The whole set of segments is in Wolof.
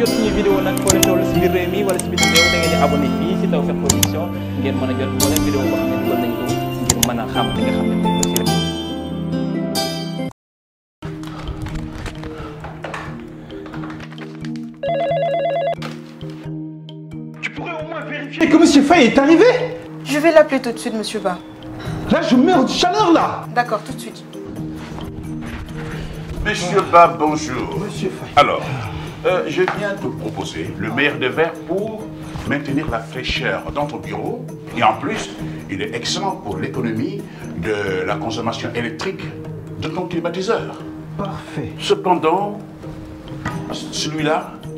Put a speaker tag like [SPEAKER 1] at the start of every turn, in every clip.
[SPEAKER 1] jot ñu vidéo nag foo leen toll si biir réew mi wala si biir réew da ngeen di abonné fii si Tawfekh Production ngeen mën a jot moo leen vidéo boo xam ne dugal nañ ko ngir mën a xam li nga xam ne moom
[SPEAKER 2] la Tu pourrais au moins vérifier que monsieur Faye est arrivé? Je vais l'appeler tout de suite, monsieur Ba. Là, je meurs de chaleur là. D'accord, tout de suite. Monsieur Ba, bonjour. Monsieur Faye. Alors. Euh, je viens de proposer le meilleur des verres pour maintenir la fraîcheur dans ton bureau. Et en plus, il est excellent pour l'économie de la consommation électrique de ton climatiseur. Parfait. Cependant, celui-là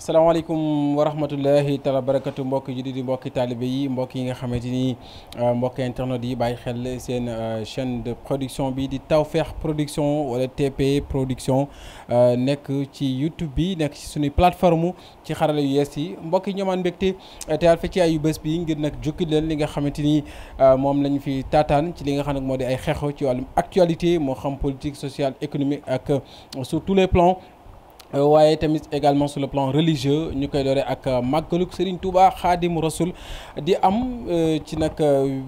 [SPEAKER 1] salaamaaleykum wa rahmatullahi taala barakatu mbokki juddi di mbokki taalibe yi mbokk yi nga xamante ni euh, mbokki internet yi bàyyi xel seen euh, chaine de production bi di Tawfekh production wala TP production euh, nekk ci YouTube bi nekk ci suñuy plateforme ci xarala yu yees yi mbokk yi ñoomaan mbégte te fa ci ay bés bi ngir nag jukki leen li nga xamante ni moom lañ fi taataan ci li nga xam ne moo di ay xeexo ci wàllum actualité moo xam politique social économique ak sur les plans Euh, waaye tamit également sur le plan religieux ñu koy doore ak euh, màggaluk Serigne Touba Xaadimu Rasul di am euh, ci nag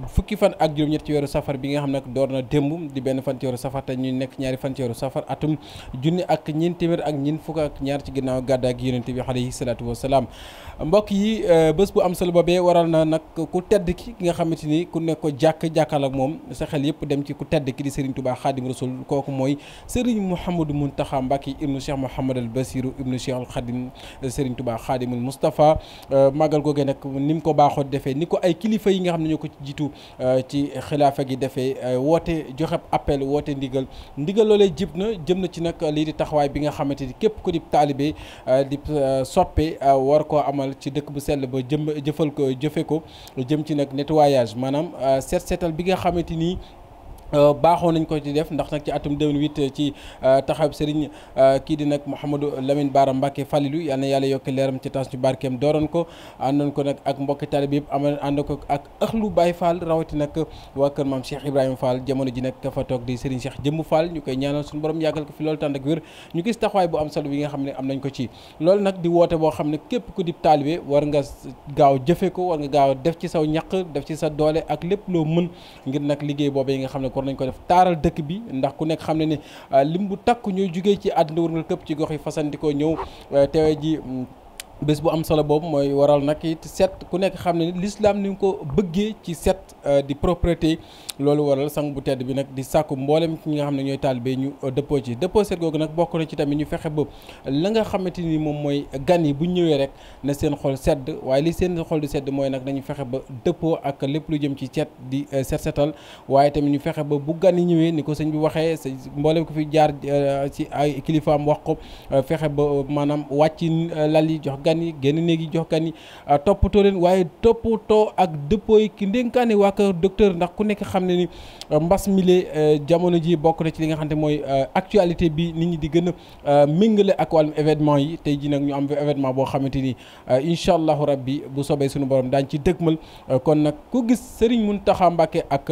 [SPEAKER 1] fukki fan ak juróom-ñett ci weeru safar bi nga xam nag door na démb di benn fan ci weeru safar te ñu nekk ñaari fan ci weeru safar atum junni ak ñeent téeméer ak ñeent fukk ak ñaar ci ginnaaw gàddaay ak yonent bi alayhi salaatu wasalaam mbokk yi bés bu am solo boobee waral na nag ku tedd ki ki nga xamante ni ku nekk ko jàkk jàkkal ak moom sa yëpp dem ci ku tedd ki di Serigne Touba Xaadimu Rasul kooku mooy Serigne Mouhamadou Mountakha Mbacké ibnu Cheikh Mouhamadou Basiru ibnu Cheikhul Khadim Serigne Touba Khadimul Moustapha euh, màggal googee nag ni mu ko baaxoo defee ni ko ay kilifa yi nga xam ne ñoo ko jiitu euh, ci xilaafa gi defee euh, woote joxe appel woote ndigal ndigal loole jib na jëm na ci nag lii di taxawaay bi nga xamante ni képp ko di taalibe di soppe war koo amal ci dëkk bu sell ba jëm jëfal ko jëfe ko jëm ci nag nettoyage maanaam seet seetal bi nga xamante ni Euh, baaxoo nañ ko ci def ndax nag ci atum 2008 euh, ci euh, taxawub sëriñ kii di nag Mouhamadou Lamine Bara Mbacke Falilou yal na yàlla yokk leeram ci tas ñu barkeem dooroon ko ko nag ak mbokki talib yëpp amoon ànd ko ak ëxlu Baye rawati nag waa kër maam Ibrahima Fall jamono ji nag fa toog di sëriñ Cheikh Jëmmu Fall ñu koy ñaanal suñu borom yàggal ko fi loolu tànd ak wér ñu gis taxawaay bu am solo bi nga xam ne am nañ ko ci lool nag di woote boo xam ne képp ku di taalibe war nga gaaw jëfe ko war nga gaaw def ci saw ñaq def ci sa doole ak lépp loo mën ngir nag liggéey boobu yi nga xam ne ko war nañ ko def taaral dëkk bi ndax ku nekk xam ne ni euh, lim bu takk ñooy jugee ci àddina wërngal këpp ci gox yi fasandikoo ñëw euh, teewe ji mm, bés bu am solo boobu mooy waral nag it set ku nekk xam ne ni l'islam ni nga ko bëggee ci set euh, di propreté loolu waral sang bu tedd bi nag di sàkk mboolem ki nga xam ne ñooy taalibe ñu euh, dëppoo ci dëppoo set googu nag bokk na ci tamit ñu fexe ba la xamante ni moom mooy gan yi bu ñëwee rek na seen xol sedd waaye li seen xol di sedd mooy nag nañu fexe ba dëppoo ak lépp lu jëm ci set di euh, set setal waaye tamit ñu fexe ba bu gan yi ñëwee ni ko sëñ bi waxee sa mboolem ko fi jaar ci ay kilifaam wax ko fexe ba maanaam wàcc lal yi jox gan gan yi génn néegi jox gan yi ah, toppatoo leen waaye toppatoo ak dëppooy ki ndénkaane waa kër docteur ndax ku nekk xam ne ni ah, mbas mile eh, jamono ji bokk na ci li nga xam ne mooy eh, actualité bi nit ñi di gën a eh, méngale ak wàllum événement yi tey ji nag ñu am événement boo xamante ni incha allahu rabbi bu sobee suñu borom daañ ci dëgmal kon nag ku gis Serigne Mountakha Mbacké ak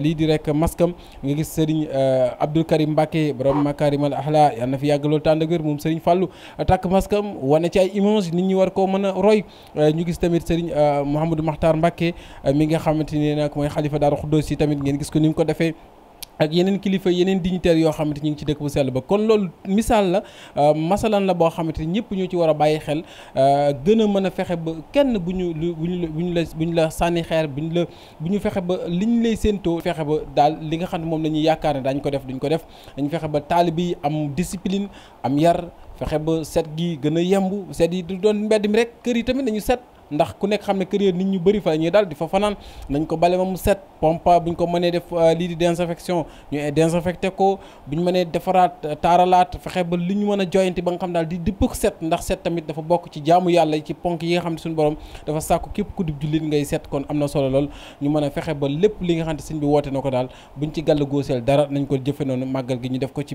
[SPEAKER 1] lii di rek maskam nga gis sëriñ Abdoul Karim Mbacké borom makarimal ahla yàlla na fi yàgg loolu tànd ak wér moom Serigne Fallou takk maskam wane ci ay image nit ñi war koo mën a roy euh, ñu gis tamit Serigne euh, Mouhamadou Makhtar Mbacké euh, mi nga xamante ni nag mooy xalifa Daaru Xuddoos yi tamit ngeen gis ko ni mu ko defee ak yeneen kilifa yeneen dignitaire yoo xamante ñu ngi ci dëkk bu sell ba kon loolu misaal la masalan la boo xamante ni ñëpp ñoo ci war a bàyyi xel gën a mën a fexe ba kenn bu ñu bu ñu bu ñu la bu la sànni xeer bu ñu la bu ñu fexe ba li ñu lay séentoo fexe ba daal li nga xam ne moom la ñuy yaakaar ne daañu ko def duñ ko def dañu fexe ba taalibe yi am discipline am yar fexe ba set gi gën a yemb set yi du doon mbedd mi rek kër yi tamit nañu set ndax ku nekk xam ne carrière nit ñu bëri fa ñuy daal di fa fanaan nañ ko bale ba mu set pompa buñ ko mënee def euh, lii di désinfection ñu désinfecté ko buñ mënee defaraat euh, taaralaat fexe ba li ñu mën a joyanti ba nga xam daal di dëpp set ndax set tamit dafa bokk ci jaamu yàlla ci ponk yi nga xam ne suñu borom dafa sàkku képp ku dib jullit ngay set kon am na solo lool ñu mën a fexe ba lépp li nga xam ne sëñ bi woote na ko daal buñ ci gàll góoseel dara nañ ko jëfe noonu màggal gi ñu def ko ci